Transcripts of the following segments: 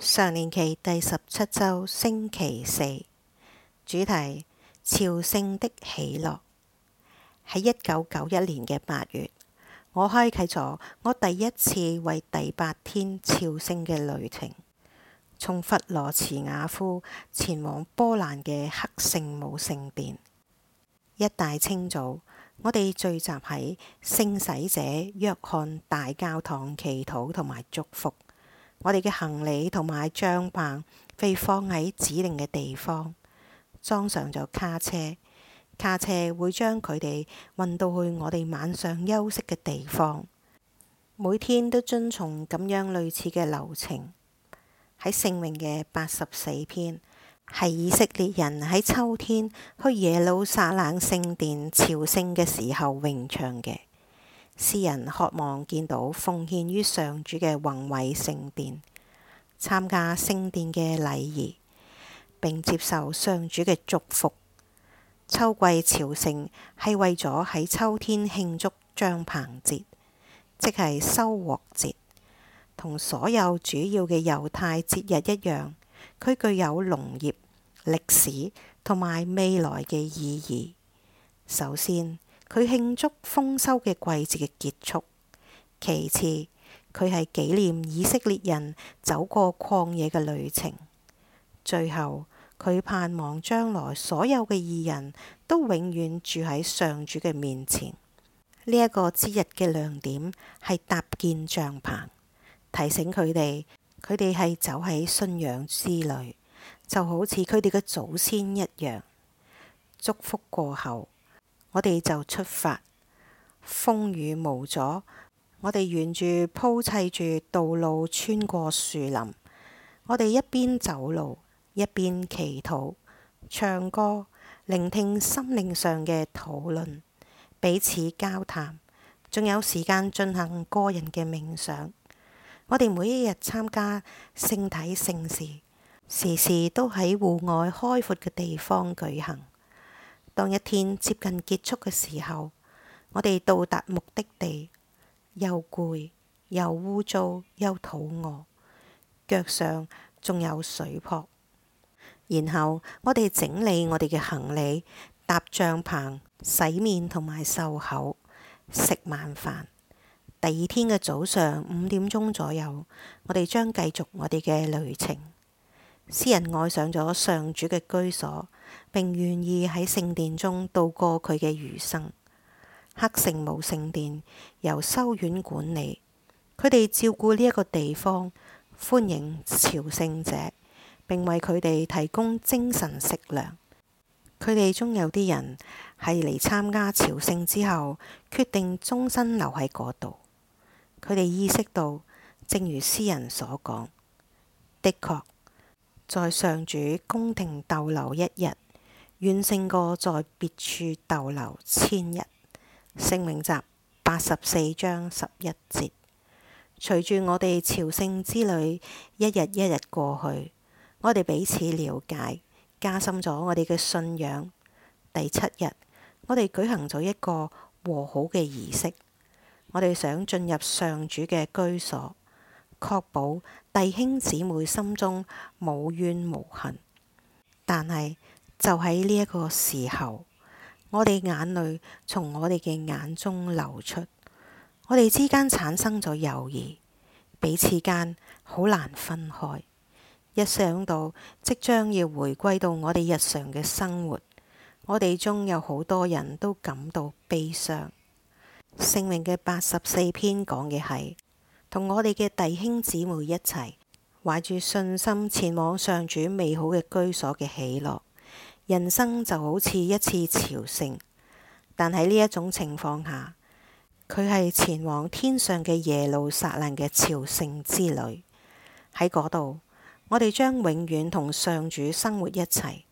常年期第十七周星期四，主題朝聖的喜樂。喺一九九一年嘅八月，我開啟咗我第一次為期八天朝聖嘅旅程，從弗羅茨瓦夫前往波蘭嘅黑聖母聖殿。一大清早，我哋聚集喺聖洗者若翰大教堂祈禱同埋祝福。我哋嘅行李同埋帳篷被放喺指定嘅地方，裝上咗卡車。卡車會將佢哋運到去我哋晚上休息嘅地方。每天都遵從咁樣類似嘅流程。喺聖詠嘅八十四篇，係以色列人喺秋天去耶路撒冷聖殿朝聖嘅時候詠唱嘅。詩人渴望見到奉獻於上主嘅宏偉聖殿，參加聖殿嘅禮儀，並接受上主嘅祝福。秋季朝聖係為咗喺秋天慶祝帳棚節，即係收穫節。同所有主要嘅猶太節日一樣，佢具有農業、歷史同埋未來嘅意義。首先。佢慶祝豐收嘅季節嘅結束。其次，佢係紀念以色列人走過曠野嘅旅程。最後，佢盼望將來所有嘅義人都永遠住喺上主嘅面前。呢、這、一個節日嘅亮點係搭建帳棚，提醒佢哋，佢哋係走喺信仰之旅，就好似佢哋嘅祖先一樣。祝福過後。我哋就出發，風雨無阻。我哋沿住鋪砌住道路，穿過樹林。我哋一邊走路，一邊祈禱、唱歌，聆聽心靈上嘅討論，彼此交談，仲有時間進行個人嘅冥想。我哋每一日參加聖體聖事，時時都喺戶外開闊嘅地方舉行。當一天接近結束嘅時候，我哋到達目的地，又攰又污糟又肚餓，腳上仲有水泡。然後我哋整理我哋嘅行李，搭帳棚、洗面同埋漱口、食晚飯。第二天嘅早上五點鐘左右，我哋將繼續我哋嘅旅程。詩人愛上咗上主嘅居所，並願意喺聖殿中度過佢嘅餘生。黑聖母聖殿由修院管理，佢哋照顧呢一個地方，歡迎朝聖者，並為佢哋提供精神食糧。佢哋中有啲人係嚟參加朝聖之後，決定終身留喺嗰度。佢哋意識到，正如詩人所講，的確，在上主宮庭逗留一日，遠勝過在別處逗留千日。聖詠集八十四章十一節。隨住我哋朝聖之旅，一日一日過去，我哋彼此了解，加深咗我哋嘅信仰。第七日，我哋舉行咗一個和好嘅儀式。我哋想進入上主嘅居所。確保弟兄姊妹心中無怨無恨，但係就喺呢一個時候，我哋眼淚從我哋嘅眼中流出，我哋之間產生咗友誼，彼此間好難分開。一想到即將要回歸到我哋日常嘅生活，我哋中有好多人都感到悲傷。聖詠嘅八十四篇講嘅係：同我哋嘅弟兄姊妹一齊，懷住信心前往上主美好嘅居所嘅喜樂。人生就好似一次朝聖，但喺呢一種情況下，佢係前往天上嘅耶路撒冷嘅朝聖之旅。喺嗰度，我哋將永遠同上主生活一齊。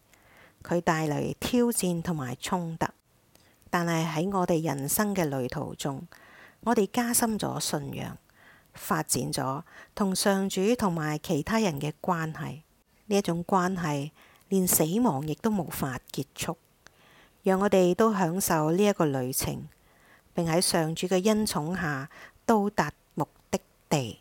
佢帶嚟挑戰同埋衝突，但係喺我哋人生嘅旅途中，我哋加深咗信仰。發展咗同上主同埋其他人嘅關係，呢一種關係連死亡亦都無法結束，讓我哋都享受呢一個旅程，並喺上主嘅恩寵下到達目的地。